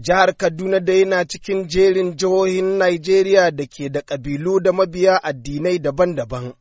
Jihar Kaduna da yana cikin jerin jihohin Najeriya da ke da kabilu da mabiya addinai daban-daban,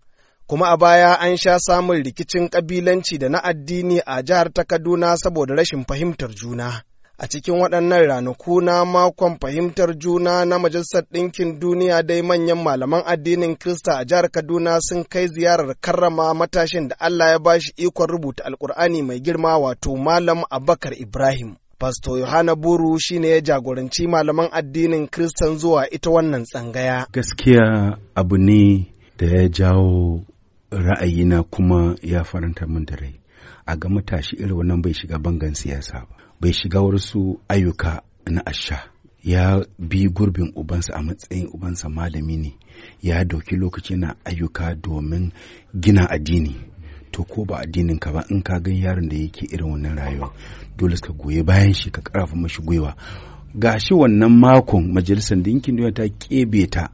kuma a baya an sha samun rikicin kabilanci da na addini a jihar ta Kaduna saboda rashin fahimtar juna. A cikin waɗannan ranaku na makon fahimtar juna na Majalisar Ɗinkin Duniya dai manyan malaman addinin Kirista a jihar Kaduna sun kai ziyarar karrama matashin da Allah ya bashi ikon rubuta Alƙur'ani mai girma wato Malam Abakar Ibrahim. Pasto Yohana Buru shi ne ya jagoranci malaman addinin Kristan zuwa ita wannan tsangaya. Gaskiya abu ne da ya jawo ra'ayina kuma ya faranta min da rai. A ga matashi irin wannan bai shiga bangan siyasa ba, bai shiga wasu ayyuka na asha. Ya bi gurbin ubansa a matsayin ubansa malami ne, ya doki lokaci na ayyuka domin gina addini. to ko ba addinin ka ba in ka gan yaron da yake irin wannan rayuwa dole ka goye bayan shi ka karafa mashi gwiwa gashi wannan makon majalisar dinkin duniya ta kebe ta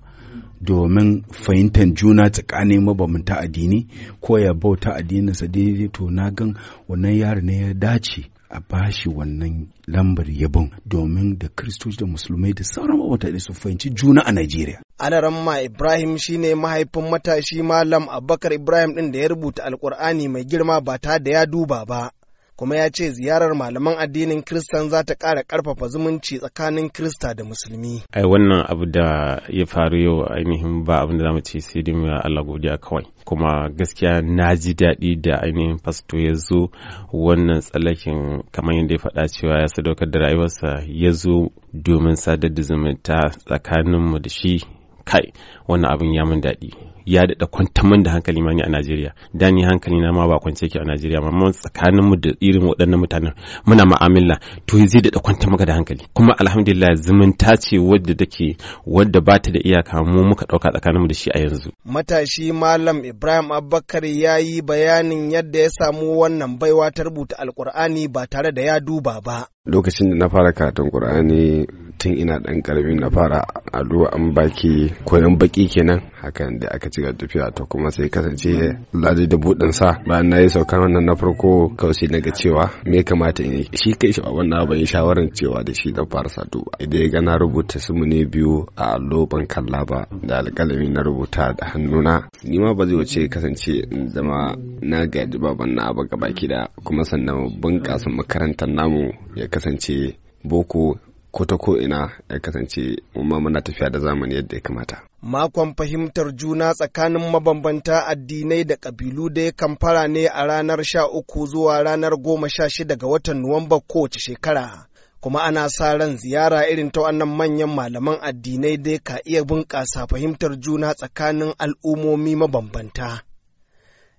domin fahimtar juna tsakanin mabambanta addini ko ya bauta addinin addininsa daidai to na gan wannan yaron ne ya dace a bashi wannan lambar yabon domin da kristoci da musulmai da sauran mutane su fahimci juna a Najeriya. ramma Ibrahim shine mahaifin matashi Malam Abubakar Ibrahim ɗin da ya rubuta Alƙur'ani mai girma ba ta da ya duba ba. kuma ya ce ziyarar malaman addinin Kristan za ta ƙara ƙarfafa zumunci tsakanin Krista da Musulmi. Ai wannan abu da ya faru yau ainihin ba abin da mu ce sai dai mu Allah godiya kawai. Kuma gaskiya na ji daɗi da ainihin fasto ya zo wannan tsallakin kamar yadda ya faɗa cewa ya sadaukar da rayuwarsa ya zo domin sadar da zumunta tsakaninmu da shi kai wannan abin ya mun daɗi ya daɗa kwantar mun da hankali ma ni a Najeriya da ni hankali na ma ba kwance ke a Najeriya amma tsakanin mu da irin waɗannan mutanen muna ma'amala to zai daɗa kwantar maka da hankali kuma alhamdulillah zumunta ce wadda take wadda ba ta da iyaka mu muka ɗauka tsakanin mu da shi a yanzu. Matashi Malam Ibrahim Abubakar ya yi bayanin yadda ya samu wannan baiwa ta rubuta Alƙur'ani ba tare da ya duba ba. Lokacin da na fara karatun Ƙur'ani tun ina dan ƙarami na fara ado an baki koyon baki kenan hakan da aka ci tafiya to kuma sai kasance laji da buɗin sa bayan na yi saukan wannan na farko kausi na cewa me kamata in shi kai shi wannan ban yi shawaran cewa da shi da fara sadu idan ya gana rubuta sumu ne biyu a allo kalla ba da alƙalami na rubuta da hannuna ni ma ba zai wuce kasance in zama na gaji baban na abu gaba da kuma sannan bunƙasa makarantar namu ya kasance boko ko ta ko ina ya kasance umma muna tafiya da zamani yadda ya kamata. Makon fahimtar juna tsakanin mabambanta addinai da ƙabilu da ya kamfara ne a ranar sha uku zuwa ranar goma sha shida ga watan Nuwamba kowace shekara. Kuma ana sa ran ziyara irin ta wannan manyan malaman addinai dai ka iya bunƙasa fahimtar juna tsakanin al'ummomi mabambanta.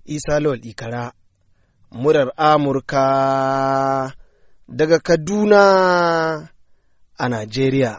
Isa Lawal Ikara, murar Amurka daga Kaduna. a Najeriya.